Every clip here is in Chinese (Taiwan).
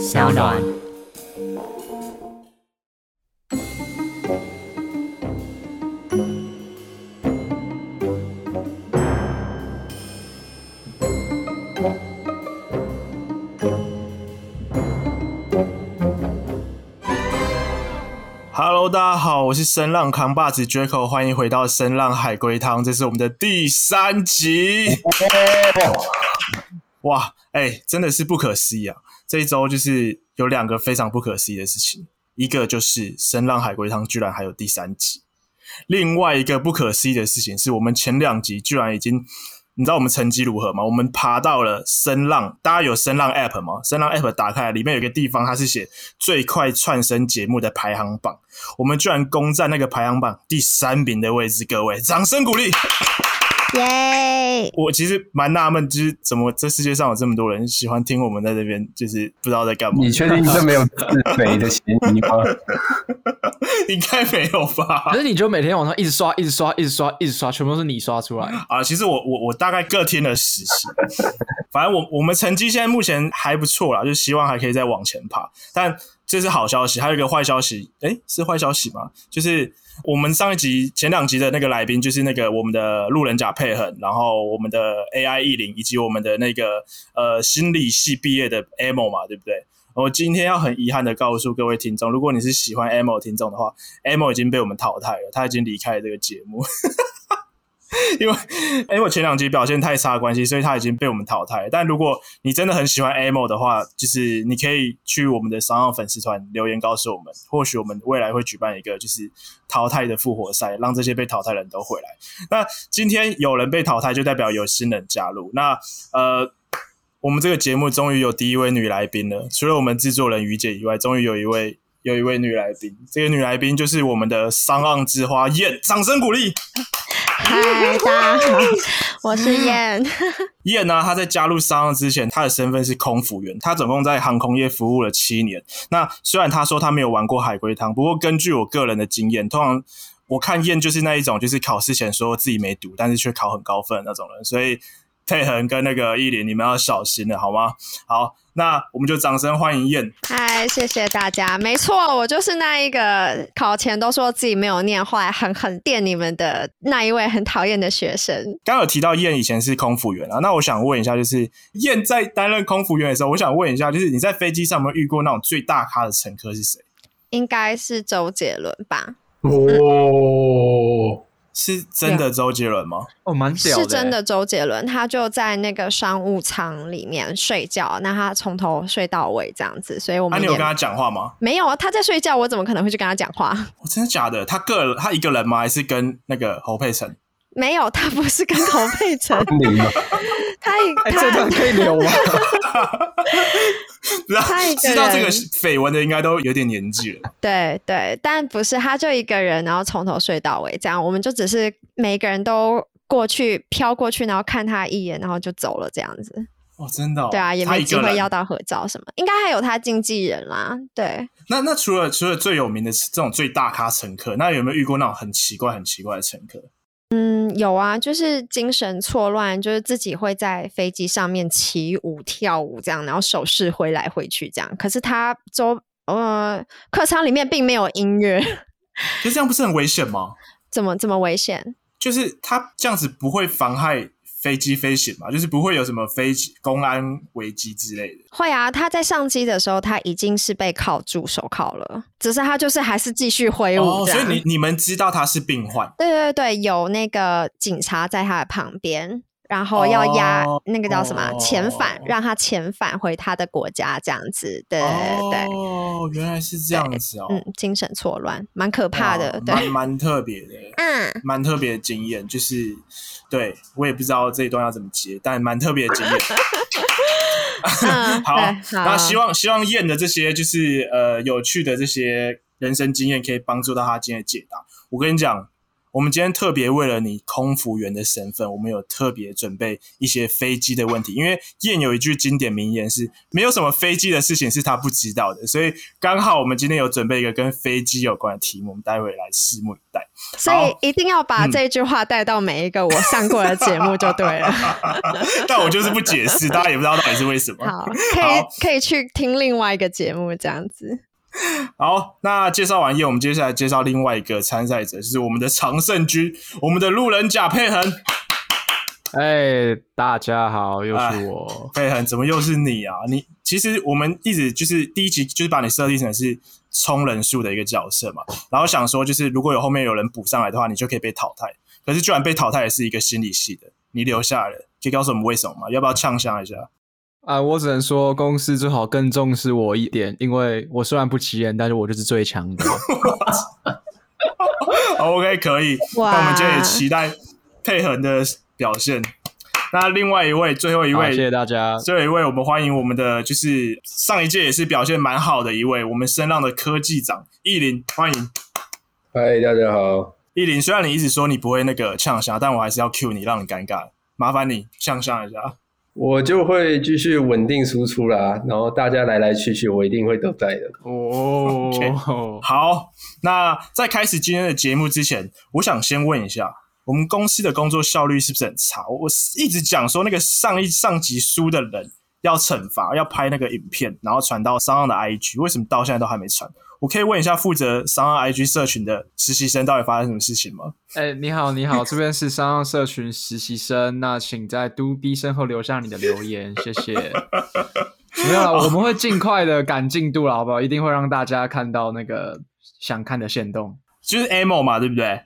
SoundOn 哈嘍，Hello，大家好，我是聲浪扛把子 Jaco，歡迎回到聲浪海龜湯，這是我們的第三集。 哇，哎、欸，真的是不可思議啊！這一周就是有兩個非常不可思議的事情，一個就是《聲浪海龜湯》居然還有第三集，另外一個不可思議的事情是我們前兩集居然已經，你知道我們成績如何嗎？我們爬到了聲浪，大家有聲浪 App 嗎？聲浪 App 打開，裡面有一個地方它是寫最快竄升節目的排行榜，我們居然攻占那個排行榜第三名的位置，各位掌聲鼓勵！ 耶！Yay! 我其實蠻納悶，就是怎麼這世界上有這麼多人喜歡聽我們在這邊，就是不知道在幹嘛。你確定你是沒有自卑的心嗎？應 吧該沒有吧？可是你就每天晚上一直刷，一直刷，一直刷，一直刷，一直刷，全部都是你刷出來啊！其實我我我大概各聽了十次，反正我我們成績現在目前還不錯啦。就希望還可以再往前爬。但這是好消息，還有一個壞消息，哎，是壞消息嗎？就是。我們上一集，前兩集的那個來賓，就是那個我們的路人甲佩恆，然後我們的 AI 異零以及我們的那個呃心理系畢業的 AMO 嘛，對不對？我今天要很遺憾的告訴各位聽眾，如果你是喜歡 AMO 的聽眾的話，AMO 已經被我們淘汰了，他已經離開了這個節目。 因為，因為前兩集表現太差關係，所以他已經被我們淘汰。但如果你真的很喜歡 AMO 的話，就是你可以去我們的聲浪粉絲團留言告訴我們，或許我們未來會舉辦一個就是淘汰的復活賽，讓這些被淘汰的人都回來。那今天有人被淘汰，就代表有新人加入。那呃，我們這個節目終於有第一位女來賓了，除了我們制作人於姐以外，終於有一位有一位女來賓。這個女來賓就是我們的聲浪之花 Yan，yeah, 掌聲鼓勵。 嗨，大家好，我是燕。燕呢、嗯 啊，他在加入商之前，他的身份是空服員。他總共在航空業服務了七年。那雖然他說他沒有玩過海龜湯，不過根據我個人的經驗，通常我看燕就是那一種，就是考試前說自己沒讀，但是卻考很高分的那種人。所以。佩衡跟那個依林，你們要小心了，好嗎？好，那我們就掌聲歡迎燕。嗨，謝謝大家。沒錯，我就是那一個考前都說自己沒有念，後來，狠狠電你們的那一位很討厭的學生。剛有提到燕以前是空服員啊，那我想問一下，就是燕在擔任空服員的時候，我想問一下，就是你在飛機上有沒有遇過那種最大咖的乘客是誰？應該是周杰倫吧。哦。 是真的周杰倫嗎？哦，蠻屌的、欸。是真的周杰倫，他就在那個商務艙裡面睡覺，那他從頭睡到尾這樣子，所以我們。那、啊、你有跟他講話嗎？沒有啊，他在睡覺，我怎麼可能會去跟他講話、哦？真的假的？他個他一個人嗎？還是跟那個侯佩岑？沒有，他不是跟侯佩岑。 他，太、欸，這段可以留嗎？知道這個緋聞的應該都有點年紀了。對對，但不是，他就一個人，然後從頭睡到尾，這樣我們就只是每個人都過去飄過去，然後看他一眼，然後就走了這樣子。哦，真的、哦？對啊，也沒機會要到合照什麼。應該還有他經紀人啦。對，那、那除了除了最有名的這種最大咖乘客，那有沒有遇過那種很奇怪很奇怪的乘客？嗯，有啊，就是精神錯亂，就是自己會在飛機上面起舞、跳舞這樣，然後手勢揮來揮去這樣。可是他周呃客艙裡面並沒有音樂，就這樣不是很危險嗎？ 怎麼怎麼危險？就是他這樣子不會妨害。飛機飛行嘛，就是不會有什麼飛機公安危機之類的。會啊，他在上機的時候，他已經是被銬住手銬了，只是他就是還是繼續揮舞。哦，所以你你們知道他是病患？對對對，有那個警察在他的旁邊。然後要押那個叫什麼遣返，讓他遣返回他的國家，這樣子，對對對，嗯對嗯哦。哦，原來是這樣子哦。嗯，精神錯亂，蠻可怕的，對，蠻蠻特別的，嗯，蠻特別的的經驗，就是，對我也不知道這一段要怎麼接，但蠻特別的經驗。 好，那、嗯、希望希望燕的這些就是呃有趣的這些人生經驗，可以幫助到他今天的解答。我跟你講。我們今天特別為了你空服員的身份，我們有特別準備一些飛機的問題，因為燕有一句經典名言是“沒有什麼飛機的事情是他不知道的”，所以剛好我們今天有準備一個跟飛機有關的題目，我們待會來拭目以待。所以一定要把這句話帶到每一個我上過的節目就對了。 但我就是不解釋，大家也不知道到底是為什麼。好，可以好可以去聽另外一個節目這樣子。 好，那介紹完 Yan，我們接下來介紹另外一個參賽者，就是我們的常勝軍，我們的路人甲佩恆。哎，大家好，又是我、哎、佩恆，怎麼又是你啊？你其實我們一直就是第一集就是把你設定成是充人數的一個角色嘛，然後想說就是如果有後面有人補上來的話，你就可以被淘汰。可是居然被淘汰也是一個心理系的，你留下來，可以告訴我們為什麼嗎？要不要嗆笑一下？啊，我只能說公司最好更重視我一點，因為我雖然不起眼，但是我就是最強的。好 ，OK，可以，Wow. 那我們就也期待配合的表現。那另外一位，最後一位，謝謝大家，最後一位，我們歡迎我們的就是上一屆也是表現蠻好的一位，我們聲浪的科技長藝林，in, 歡迎。嗨，大家好。藝林，雖然你一直說你不會那個嗆蝦，但我還是要 cue 你，讓你尷尬。麻煩你嗆蝦一下。我就會繼續穩定輸出啦，然後大家來來去去，我一定會都在的。哦，oh, okay. oh. 好，那在開始今天的節目之前，我想先問一下，我們公司的工作效率是不是很差？我一直講說那個上一上集輸的人要懲罰，要拍那個影片，然後傳到聲浪的 IG，為什麼到現在都還沒傳？我可以問一下負責聲浪 IG 社群的實習生到底發生什麼事情嗎？哎、欸，你好，你好，這邊是聲浪社群實習生， 那請在嘟嘟聲後留下你的留言， 謝謝。 沒有了，我們會盡快的趕進度了，好不好？一定會讓大家看到那個想看的限動，就是 emo 嘛，對不對？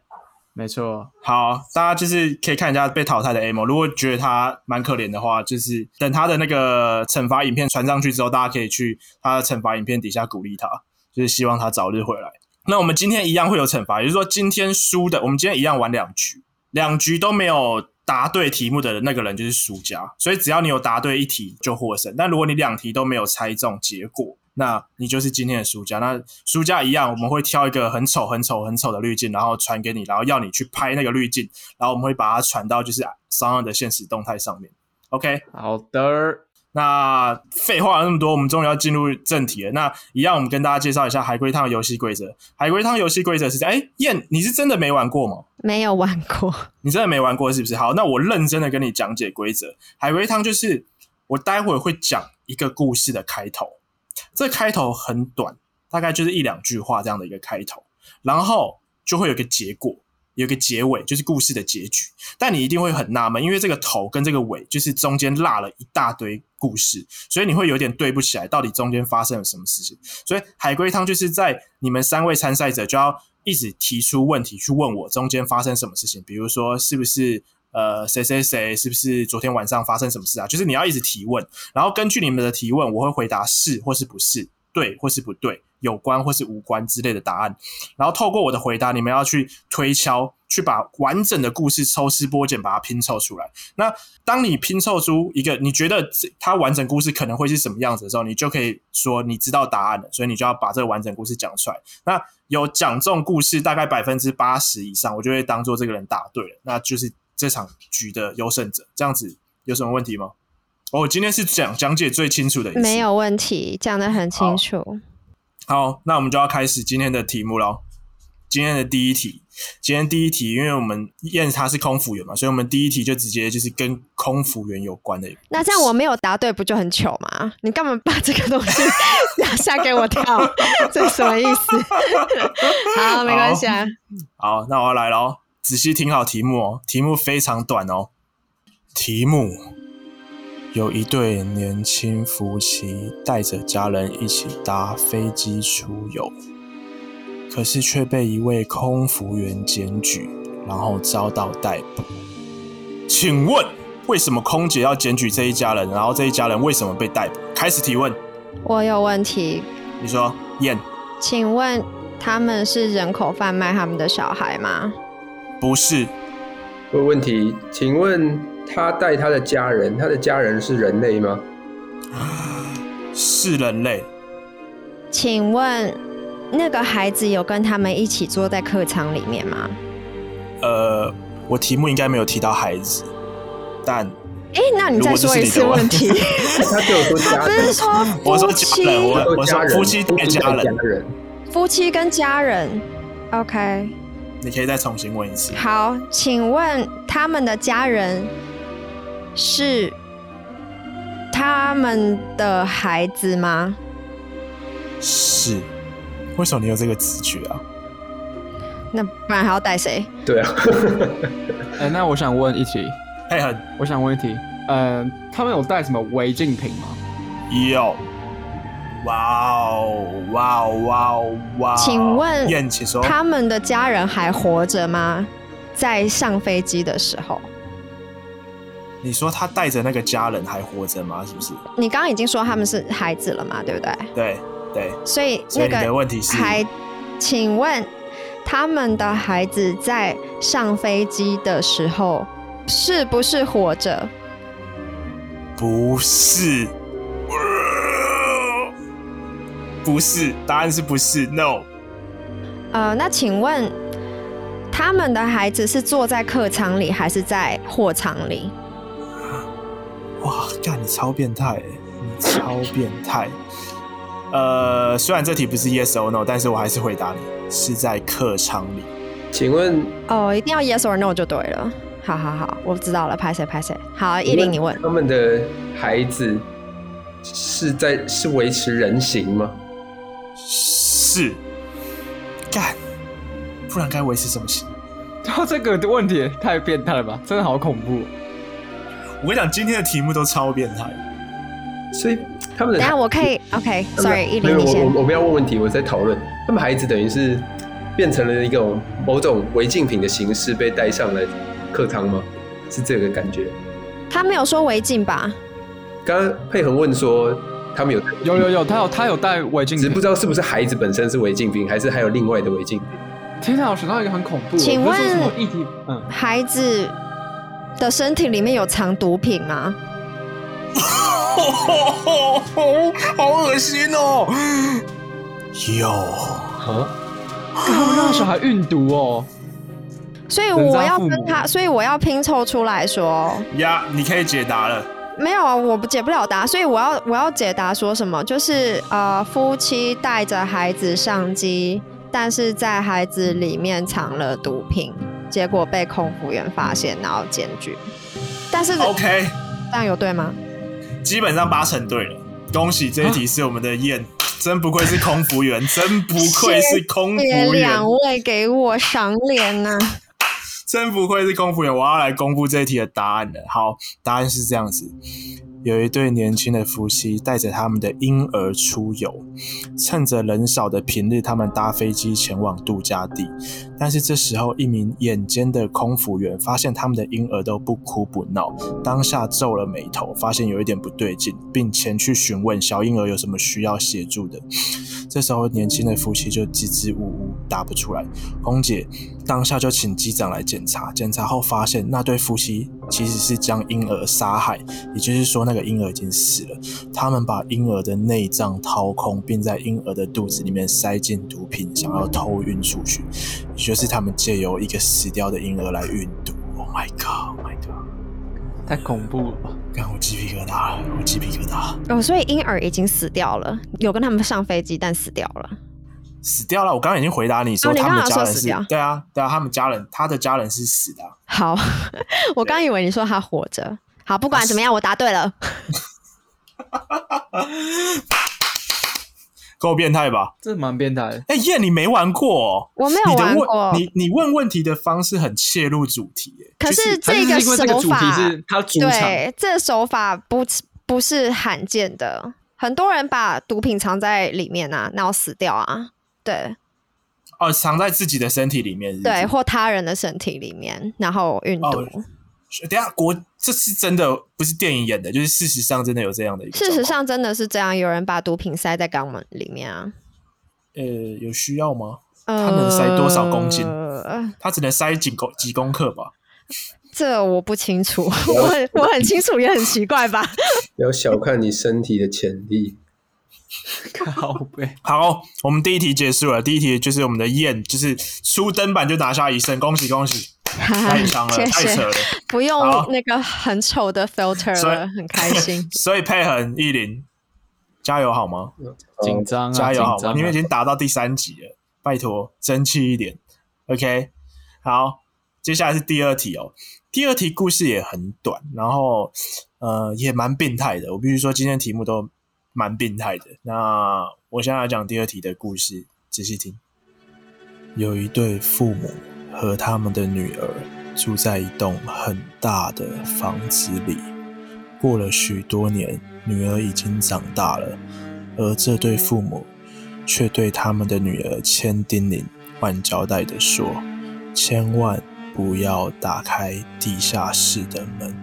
沒錯。好，大家就是可以看人家被淘汰的 emo，如果覺得他蠻可憐的話，就是等他的那個懲罰影片傳上去之後，大家可以去他的懲罰影片底下鼓勵他。就是希望他早日回來。那我們今天一樣會有懲罰，也就是說，今天輸的，我們今天一樣玩兩局，兩局都沒有答對題目的那個人就是輸家。所以只要你有答對一題就獲勝，但如果你兩題都沒有猜中結果，那你就是今天的輸家。那輸家一樣，我們會挑一個很醜、很醜、很醜的濾鏡，然後傳給你，然後要你去拍那個濾鏡，然後我們會把它傳到就是 SoundOn 的限時動態上面。OK，好的。那廢話那麼多，我們終於要進入正題了。那一樣，我們跟大家介紹一下海龜湯遊戲規則。海龜湯遊戲規則是這樣：哎、欸，Yan，你是真的沒玩過嗎？沒有玩過，你真的沒玩過是不是？好，那我認真的跟你講解規則。海龜湯就是我待會兒會講一個故事的開頭，這個、開頭很短，大概就是一兩句話這樣的一個開頭，然後就會有一個結果。有一個結尾，就是故事的結局。但你一定會很納悶，因為這個頭跟這個尾，就是中間落了一大堆故事，所以你會有點對不起來，到底中間發生了什麼事情。所以海龜湯就是在你們三位參賽者就要一直提出問題去問我，中間發生什麼事情。比如說，是不是呃誰誰誰，是不是昨天晚上發生什麼事啊？就是你要一直提問，然後根據你們的提問，我會回答是或是不是，對，或是不對，有關或是無關之類的答案，然後透過我的回答，你們要去推敲，去把完整的故事抽絲剝繭，把它拼湊出來。那當你拼湊出一個你覺得它完整故事可能會是什麼樣子的時候，你就可以說你知道答案了。所以你就要把這個完整故事講出來。那有講這種故事大概百分之八十以上，我就會當做這個人答對了，那就是這場局的優勝者。這樣子有什麼問題嗎？我、哦、今天是講講解最清楚的一次，沒有問題，講得很清楚好。好，那我們就要開始今天的題目嘍。今天的第一題，今天第一題，因為我們燕子他是空服員嘛，所以我們第一題就直接就是跟空服員有關的。那這樣我沒有答對，不就很糗嗎？你幹嘛把這個東西拿下給我跳？這是什麼意思？好，沒關係啊好。好，那我要來嘍，仔細聽好題目哦、喔。題目非常短哦、喔，題目。有一對年輕夫妻帶着家人一起搭飛機出遊，可是卻被一位空服員檢舉，然後遭到逮捕。請問為什麼空姐要檢舉這一家人？然後這一家人為什麼被逮捕？開始提問。我有問題。你說，Yan。請問他們是人口販賣他們的小孩嗎？不是。我有問題，請問。他帶他的家人，他的家人是人類嗎？啊，是人類。請問那個孩子有跟他們一起坐在客艙裡面嗎？呃，我題目應該沒有提到孩子，但哎，那你再說一次問題。是問題 他對我說家人，不是說我說夫妻，我說夫妻跟家人，夫妻，家人，夫妻跟家人。OK，你可以再重新問一次。好，請問他們的家人。是他們的孩子嗎？是，為什麼你有這個詞句啊？那不然還要帶誰？對啊、 欸。那我想問一題，哎呀，我想問一題，嗯、呃，他們有帶什麼違禁品嗎？有。哇哦哇哦哇哦！請問，他們的家人還活着嗎？在上飛機的時候。你說他帶着那個家人還活着嗎？是不是？你剛剛已經說他們是孩子了嘛？對不對？對對。對，所以那個，你的問題是：請問他們的孩子在上飛機的時候是不是活着？不是，不是，答案是不是？No。呃，那請問他們的孩子是坐在客艙裡還是在貨艙裡？幹你超變態，你超變態。呃，雖然這題不是 yes or no，但是我還是回答你是在客場裡。請問哦，oh, 一定要 yes or no 就對了。好好好，我知道了，抱歉抱歉。好，一林你問他們的孩子是在是維持人形嗎？是幹，不然該維持什麼形？然後、啊、這個問題也太變態了吧，真的好恐怖。我跟你講，今天的題目都超變態，所以他們等下我可以，OK，Sorry，Yan 你先。沒有，我我不要問問題，我在討論。他們孩子等於是變成了一個某種違禁品的形式被帶上了客艙嗎？是這個感覺。他沒有說違禁吧？剛剛佩恆問說他們有有有有，他有他有帶違禁品，只不知道是不是孩子本身是違禁品，還是還有另外的違禁品。天哪，我想到一個很恐怖。請問議題，嗯，孩子。的身體裡面有藏毒品嗎？ 好噁心哦、喔！有，他們讓小孩運毒哦、喔。所以我要跟他，所以我要拼湊出來說，呀，yeah, 你可以解答了。沒有啊，我不解不了答，所以我要我要解答說什麼？就是呃，夫妻帶着孩子上機，但是在孩子裡面藏了毒品。結果被空服員發現，然後檢舉。但是，OK，這樣有對嗎？基本上八成對了，恭喜這一題是我們的燕，啊、真不愧是空服員， 真不愧是空服員。兩位給我賞臉呢、啊、真不愧是空服員，我要來公布這一題的答案了。好，答案是這樣子：有一對年輕的夫妻帶着他們的嬰兒出遊，趁着人少的平日，他們搭飛機前往度假地。但是這時候，一名眼尖的空服員發現他們的嬰兒都不哭不鬧，當下皺了眉頭，發現有一點不對勁，並前去詢問小嬰兒有什麼需要協助的。這時候，年輕的夫妻就支支吾吾答不出來。空姐當下就請機長來檢查，檢查後發現那對夫妻其實是將嬰兒殺害，也就是說，那個嬰兒已經死了。他們把嬰兒的內臟掏空，並在嬰兒的肚子裡面塞進毒品，想要偷運出去。就是他們借由一個死掉的嬰兒來運毒。Oh my god！我、oh、的太恐怖了，剛剛我雞皮疙瘩了，我雞皮疙瘩。哦，所以嬰兒已經死掉了，有跟他們上飛機，但死掉了，死掉了。我剛剛已經回答你說、哦、你他，他們家人是死對？啊，對啊，對啊，他們家人他的家人是死的、啊。好， 我剛以為你說他活着。對好，不管怎麼樣，死我答對了。 夠變態吧？這蠻變態。哎，燕，你沒玩過喔？我沒有玩過喔。你你問問題的方式很切入主題欸，可是這個手法是它對，這個手法不不是罕見的。很多人把毒品藏在裡面啊，然後死掉啊。對。哦，藏在自己的身體裡面是不是，對，或他人的身體裡面，然後運毒。哦等下，國這是真的，不是電影演的，就是事實上真的有這樣的一。事實上真的是這樣，有人把毒品塞在肛門裡面啊。呃，有需要嗎？他能塞多少公斤？呃、他只能塞幾公幾公克吧？這我不清楚。我很我很清楚，也很奇怪吧？不要小看你身體的潛力。 靠北。好，我們第一題結束了。第一題就是我們的燕，就是初登板就拿下一勝，恭喜恭喜。太傷了，啊、太扯了謝謝，不用那個很醜的 filter 了，好以很開心。 所以佩恆、藝林，加油好嗎？緊張，加油好嗎？因為已經達到第三集了，拜托，爭氣一點。OK，好，接下來是第二題哦。第二題故事也很短，然後呃，也蠻變態的。我必須說，今天的題目都蠻變態的。那我現在來講第二題的故事，仔細聽。有一對父母。和他們的女兒住在一棟很大的房子裡。過了許多年，女兒已經長大了，而這對父母卻對他們的女兒千叮嚀萬交代的說：“千萬不要打開地下室的門。”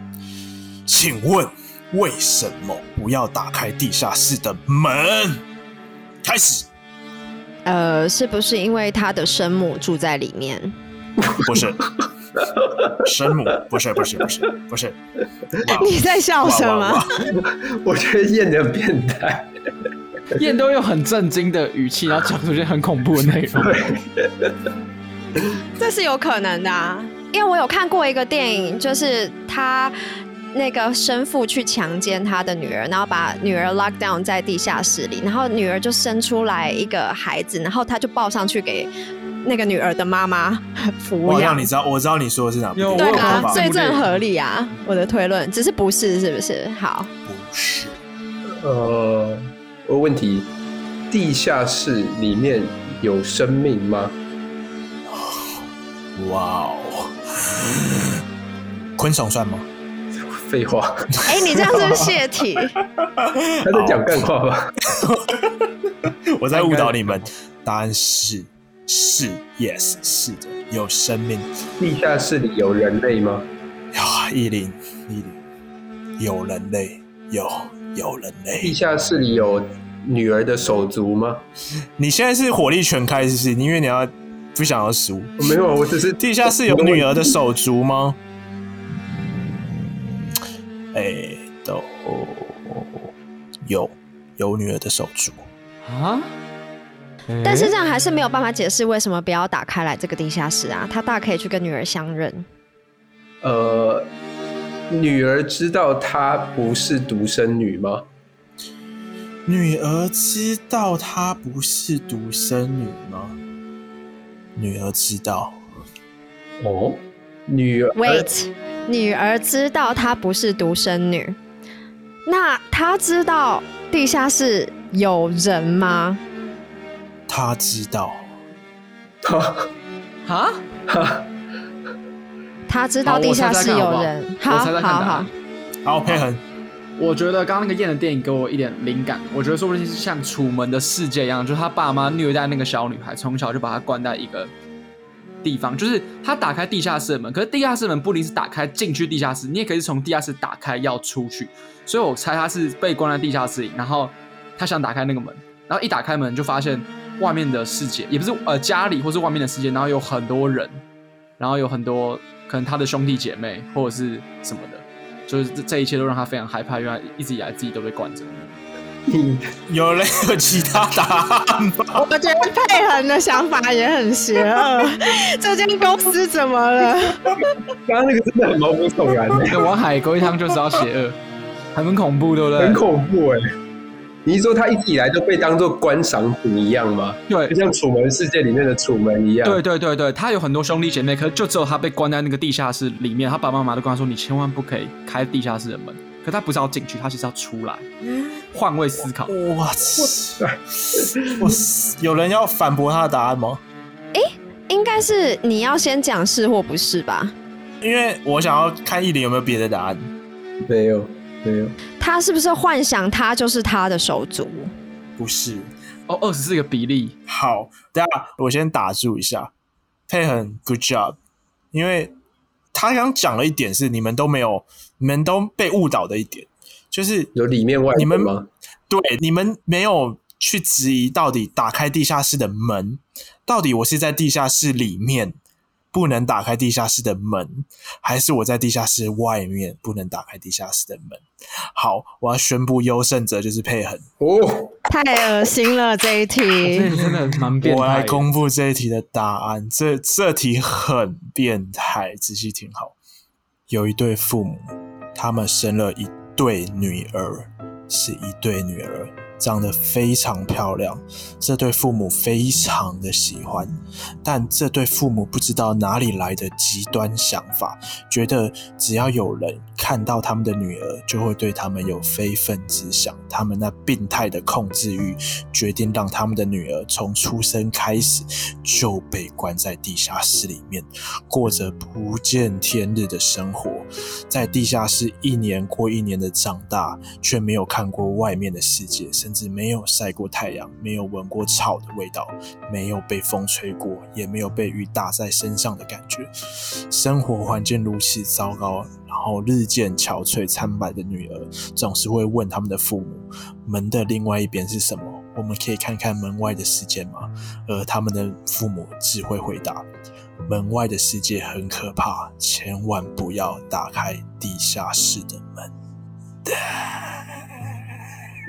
請問為什麼不要打開地下室的門？開始。呃，是不是因為他的生母住在裡面？ 不是，生母，不是不是不是不是、欸。你在笑什麼？我覺得燕的變態。 燕都用很震驚的語氣，然後講出一些很恐怖的內容。對， 這是有可能的啊， 因為我有看過一個電影，就是他那個生父去強姦他的女兒，然後把女兒 lock down 在地下室裡，然後女兒就生出來一個孩子，然後他就抱上去給。那個女兒的媽媽撫養，我知道，我知道你說的是哪部？有對啊，最正合理啊，我的推論只是不是，是不是？好，不是。呃，我問題：地下室裡面有生命嗎？哇哦，嗯、昆蟲算嗎？廢話。哎、欸，你這樣是不是泄題？他 在講幹話嗎好 我在誤導你們。答案是。是，yes，是的，有生命。地下室裡有人類嗎？有、啊，一零一零，有人類，有，有人類。地下室裡有女兒的手足嗎？你現在是火力全開，是不是？因為你要，不想要輸、哦。沒有，我只是。地下室有女兒的手足嗎？哎、 欸，都，有，有女兒的手足。啊？但是這樣還是沒有辦法解釋為什麼不要打開來這個地下室啊？他大可以去跟女兒相認。呃，女兒知道她不是獨生女嗎？女兒知道她不是獨生女嗎？女兒知道。哦。女兒。Wait，女兒知道她不是獨生女。那她知道地下室有人嗎？他知道，哈，哈，他知道地下室好猜猜好好有人。我猜在看他。麼？好，配合，我覺得剛剛那個演的電影給我一點靈感。我覺得說不定是像《楚門的世界》一樣，就是他爸媽虐待那個小女孩，從小就把她關在一個地方。就是他打開地下室的門，可是地下室的門不一定是打開進去地下室，你也可以是從地下室打開要出去。所以我猜他是被關在地下室裡，然後他想打開那個門，然後一打開門就發現。外面的世界也不是呃，家裡或是外面的世界，然後有很多人，然後有很多可能他的兄弟姐妹或者是什麼的，就是這，這一切都讓他非常害怕，因為他一直以來自己都被管着。嗯你，有沒有其他答案？我覺得配合你的想法也很邪惡， 這間公司怎麼了？剛剛 那個真的很毛骨悚然，王 海歸一趟就知道邪惡，還蠻 恐怖對不對？很恐怖哎、欸。你是說他一直以來都被當做觀賞品一樣嗎？對，就像《楚門世界》裡面的楚門一樣。對對對對，他有很多兄弟姐妹，可是就只有他被關在那個地下室裡面，他爸爸媽媽都跟他說：“你千萬不可以開地下室的門。”可他不是要進去，他其實要出來。嗯，換位思考。我去，我有人要反駁他的答案嗎？哎、欸，應該是你要先講是或不是吧？因為我想要看 Yan 有沒有別的答案。沒有。沒有。他是不是幻想他就是他的手足？不是哦，二十四個比例。好，等下我先打住一下。佩恩，good job，因為他剛講了一點是你們都沒有，你們都被誤導的一點就是你們有裡面外面嗎？對，你們沒有去質疑到底打開地下室的門，到底我是在地下室裡面。不能打開地下室的門，還是我在地下室外面不能打開地下室的門？好，我要宣布優勝者就是佩恆哦，太噁心了這一題，啊、真的滿變態。我來公布這一題的答案，這這題很變態。仔細聽好，有一對父母，他們生了一對女兒，是一對女兒。長得非常漂亮，這對父母非常的喜歡，但這對父母不知道哪裡來的極端想法，覺得只要有人看到他們的女兒，就會對他們有非分之想。他們那病態的控制欲，決定讓他們的女兒從出生開始就被關在地下室裡面，過着不見天日的生活，在地下室一年過一年的長大，卻沒有看過外面的世界。子沒有曬過太陽，沒有聞過草的味道，沒有被風吹過，也沒有被雨打在身上的感覺。生活環境如此糟糕，然後日漸憔悴、蒼白的女兒，總是會問他們的父母：“門的另外一邊是什麼？我們可以看看門外的世界嗎？”而他們的父母只會回答：“門外的世界很可怕，千萬不要打開地下室的門。”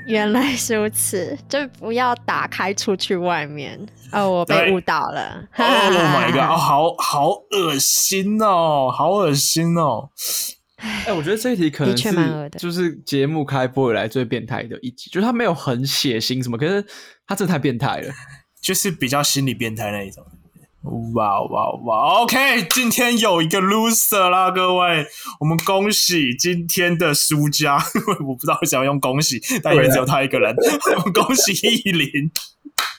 原來是如此，就不要打開出去外面。哦，我被誤導了。哦，oh my god，好好噁心哦，好噁心哦。哎， 我覺得這一題可能是就是節目開播以來最變態的一集，就是他沒有很血腥什麼，可是他這太變態了，就是比較心理變態那一種。哇哇哇！OK，今天有一個 loser 啦，各位，我們恭喜今天的輸家，因 為我不知道為什麼要用“恭喜”，但因為只有他一個人， 我們恭喜依林，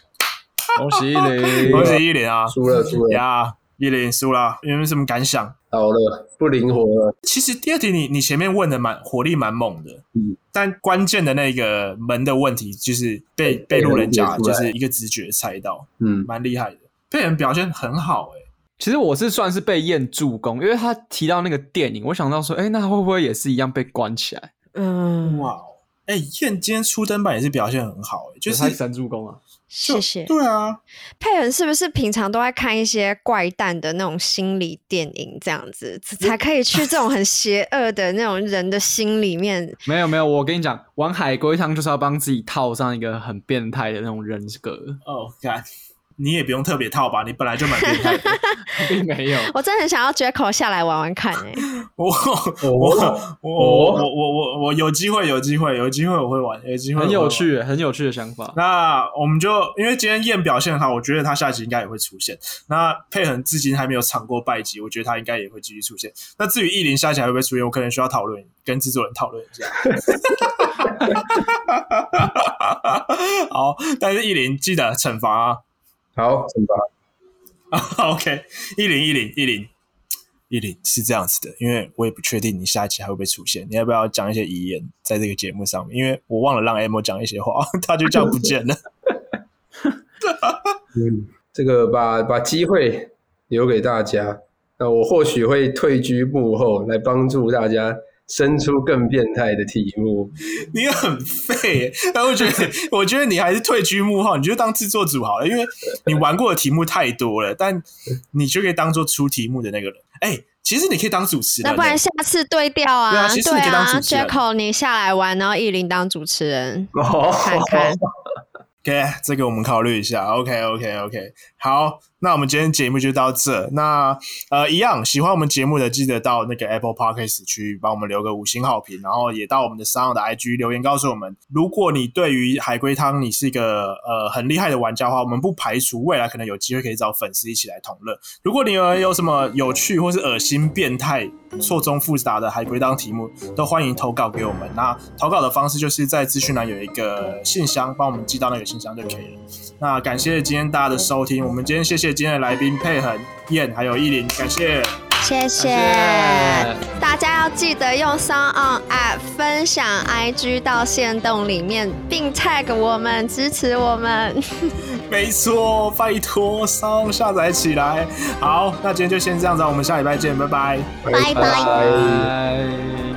恭喜依林，恭喜依林啊！輸了輸了呀，依林輸了，有沒、yeah, 有什麼感想？好了，不靈活了。其實第二題你，你你前面問的蠻火力蠻猛的，嗯，但關鍵的那個門的問題，就是被、欸、被路人甲就是一個直覺猜到，欸、嗯，蠻厲害的。佩恩表現很好，哎、欸，其實我是算是被燕助攻，因為他提到那個電影，我想到說，哎、欸，那他會不會也是一樣被關起來？嗯，哇哦，哎、欸，燕今天出征版也是表現很好，欸，哎，就是，是他神助攻啊！謝謝。對啊，佩恩是不是平常都愛看一些怪誕的那種心理電影，這樣子才可以去這種很邪惡的那種人的心裡面？ 沒有沒有，我跟你講，玩海龜湯就是要幫自己套上一個很變態的那種人格。哦，Oh God. 你也不用特別套吧，你本來就買別的， 並沒有。我真的很想要 Jaco 下來玩玩看、欸、我我我我我我我，我有機會有機會有機會，我會玩，有機會，會很有趣，很有趣的想法。那我們就因為今天燕表現很好，我覺得他下集應該也會出現。那佩恆至今還沒有嘗過敗績，我覺得他應該也會繼續出現。那至於藝林下集還會不會出現，我可能需要討論跟製作人討論一下。好，但是藝林記得懲罰啊！好，怎麼辦啊！OK，一零一零一零一零是這樣子的，因為我也不確定你下一期還會不會出現。你要不要講一些遺言在這個節目上面？因為我忘了讓 M 講一些話，他就這樣不見了。 嗯，這個把把機會留給大家，那我或許會退居幕後來幫助大家。生出更變態的題目，你很廢、欸，但我覺得， 我覺得你還是退居幕後，你就當制作組好了，因為你玩過的題目太多了，但你就可以當做出題目的那個人。哎、欸，其實你可以當主持人，要不然下次對調啊，對啊，其實對啊，Jacko 你下來玩，然後意林當主持人。oh. 看看，OK，這個我們考慮一下，OK，OK，OK，okay, okay, okay. 好。那我們今天節目就到這。那呃，一樣喜歡我們節目的，記得到那個 Apple Podcast 去幫我們留個五星好評，然後也到我們的聲浪的 IG 留言告訴我們。如果你對於海龜湯你是一個呃很厲害的玩家的話，我們不排除未來可能有機會可以找粉絲一起來同樂。如果你有，有什麼有趣或是噁心、變態、錯綜複雜的海龜湯題目，都歡迎投稿給我們。那投稿的方式就是在資訊欄有一個信箱，幫我們寄到那個信箱就可以了。那、啊、感謝今天大家的收聽，我們今天謝謝今天的來賓佩恆、燕、嗯、衡還有依林，感謝，謝謝，謝大家要記得用 SoundOn App 分享 IG 到限動裡面，並 Tag 我們支持我們， 沒錯，拜托 SoundOn 下載起來，好，那今天就先這樣子，我們下禮拜見，拜拜，拜拜，拜、拜。